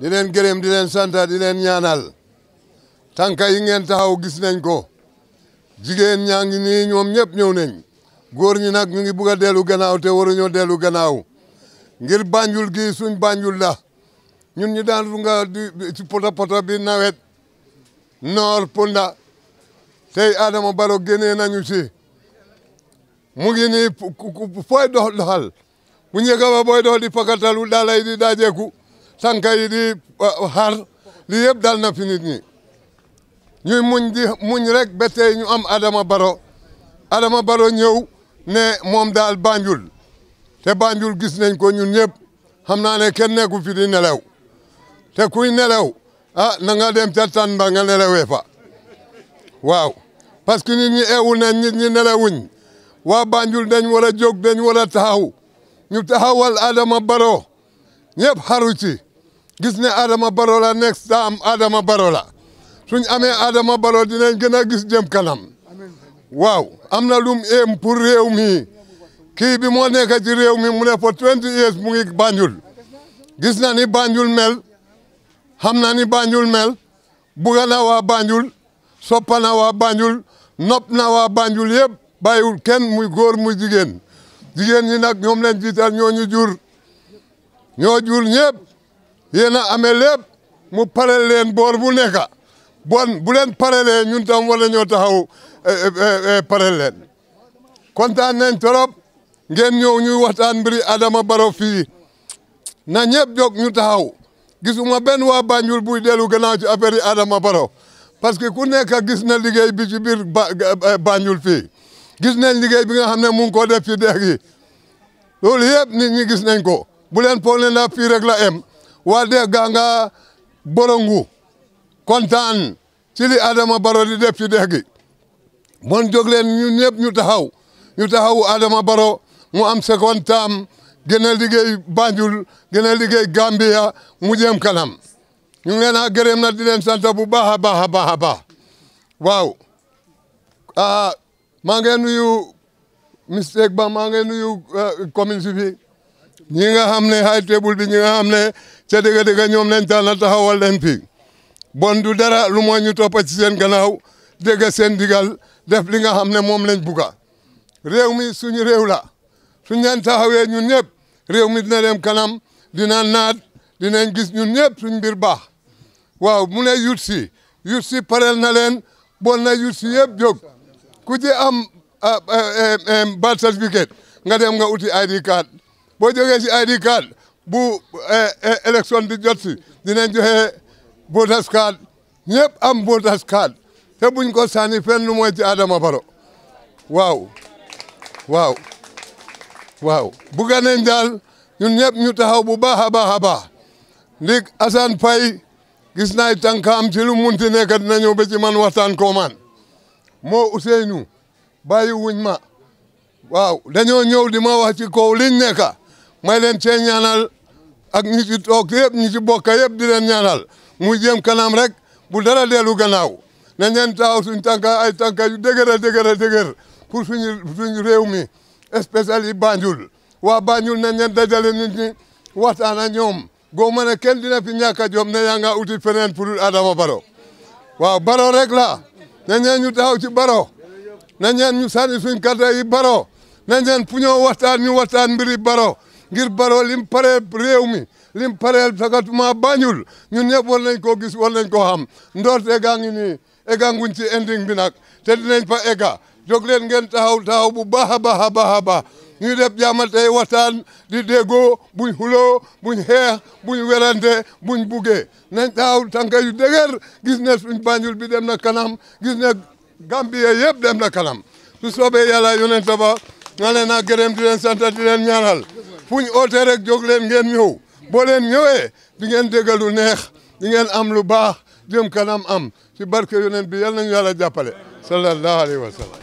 di leen gërëm di leen santa di leen ñaanal tànka yi ngeen taxaw gis nañ ko jigéen ñaa ngi nii ñoom ñëpp ñëw nañ góor ñi nag ñu ngi bugg a dellu gannaaw te waruñoo dellu gannaaw ngir Banjul gi suñ Banjul da ñun ñu daan nga ci poto poto bi nawet noor punda tey Adama Baro génnee nañu si mu ngi nii fooy dox doxal bu njëkk ba booy dox di pakatalu daalay di daajeeku sànka yi di uh, xar lii yëpp dal na fi nit ñi ñuy muñ rek ba ñu am Adama Baro Adama Baro ñëw ne moom daal Banjul te Banjul gis nañ ko ñu ñëpp xam naa ne kenn nekku fi di nelew te kuy nelew ah na nga dem ca tan ba nga nelewee fa waaw parce que nit ñi eewu nañ nit ñi nelewuñ waa Banjul dañ war a jóg dañ war a taxaw ñu taxawal Adama Baro ñëpp xaru ci gis ne Adama Barrow la nekk daa am Adama Barrow la suñ amee Adama Barrow dina gën a gis jëm kanam waaw am na lum éem pour réew mi kii bi moo nekk ci réew mi mu ne for 20 mu ngi Banjul gis na ni Banjul mel xam na ni Banjul mel buga na waa Banjul soppa na waa Banjul nopp na waa Banjul yëpp bàyyiwul kenn muy góor muy jigéen jigéen ñi nag ñoom leen jiital ñoo ñu jur ñoo jur ñëpp yéen a amee lépp mu pare leen boor bu nekk bon bu leen parelee ñun tam wala ñoo taxaw eh, eh, eh, pare leen kontaan nañ trop ngeen ñëw ñuy waxtaan mbiri Adama Barrow fii na ñëpp jóg ñu taxaw gisuma benn waa Banjul buy dellu gannaaw ci affaire yi Adama Barrow parce que ku nekk gis na liggéey bi ci biir Banjul fii gis nañ liggéey bi nga xam ne mu ngi ko def ci dex gi loolu yëpp nit ñi gis nañ ko bu leen foog ne na rek la wadde ganga boro ngu kontaan ci li Adama Barrow di def ci dex gi bon jóg leen ñu ñëpp ñu taxaw ñu taxaw Adama Barrow mu am second term gën liggéey Banjul gën liggéey Gambia mu jëm kanam ñu ngi leen a gërëm na di leen sant bu baax a baax a baax a baax waaw ah, maa ngi nuyu mistake ba maa ngi nuyu eh, commune si ñi nga xam ne high table bi ñi nga xam ne ca dëgg dëgg ñoom lañ tànn taxawal leen fi bon du dara lu moo ñu toppa ci seen gannaaw dégg seen digal def li nga xam ne moom lañ buga réew mi suñu réew la suñ leen taxawee ñun ñëpp réew mi dina dem kanam dina naat dinañ gis ñun ñëpp suñ mbir baax waaw mu ne yuut si yuut si pareel na leen bon na yuut si yëpp jóg ku ci am ah, eh, eh, eh, birth certificate nga dem nga uti ID card boo jogee si ID card bu eh, eh, élection di jot si dinañ joxe voters card ñëpp am voters card te buñ ko sànni fenn mooy ci Adama Barrow waaw waaw waaw bu ganeen daal ñun ñëpp ñu taxaw bu baax a baax a baax ndik Assane Faye gis naay tànkaam ci lu munti nekk dinañu ba ci man waxtaan koo man moo Ousseynou bàyyi wuñ ma waaw dañoo ñëw di ma wax ci kaw liñ nekka may leen cee ñaanal ak ñi ci toog yëpp ñi ci bokk yëpp di leen ñaanal mu jéem kanam rek bu dara dellu gannaaw na leen taaw suñ tànka ay tànka yu dëgër a dëgër a dëgër pour suñu suñu réew mi spécial yi Banjul waa Banjul nañ leen dajale nit ñi waxtaan ak ñoom goo mën a kenn dina fi ñàkk a jom ne yaa nga uti feneen pour Adama Baro waaw Baro rek la nañ ñu taaw ci Baro nañ leen ñu sànni suñ kàddu yi Baro nañ leen fu ñoo waxtaan ñu waxtaan mbiri Baro ngir Barrow lim paree réew mi lim pareel sakatement Banjul ñun ñëpp war nañ koo gis war nañ koo xam ndoorte gaa ngi nii egga nguñ ci ending bi nag te dinañ fa egga jóg leen ngeen taxaw taxaw bu baax a baax a baax a baax ñuy def jàmm tey waxtaan di déggoo buñ xuloo buñ xeex buñ werante buñ buggee nañ taxaw tànka yu dëgër gis ne suñ Banjul bi dem na kanam gis ne Gambie yëpp dem na kanam su soobee yàlla yonent ba nga leen a gërëm di leen sant di leen ñaanal fu ñu ootee rek jóg leen ngeen ñëw boo leen ñëwee di ngeen dégg lu neex di ngeen am lu baax jëm kanam am ci barke yonent bi yal nañu yàlla jàppale sallallahu alayhi wa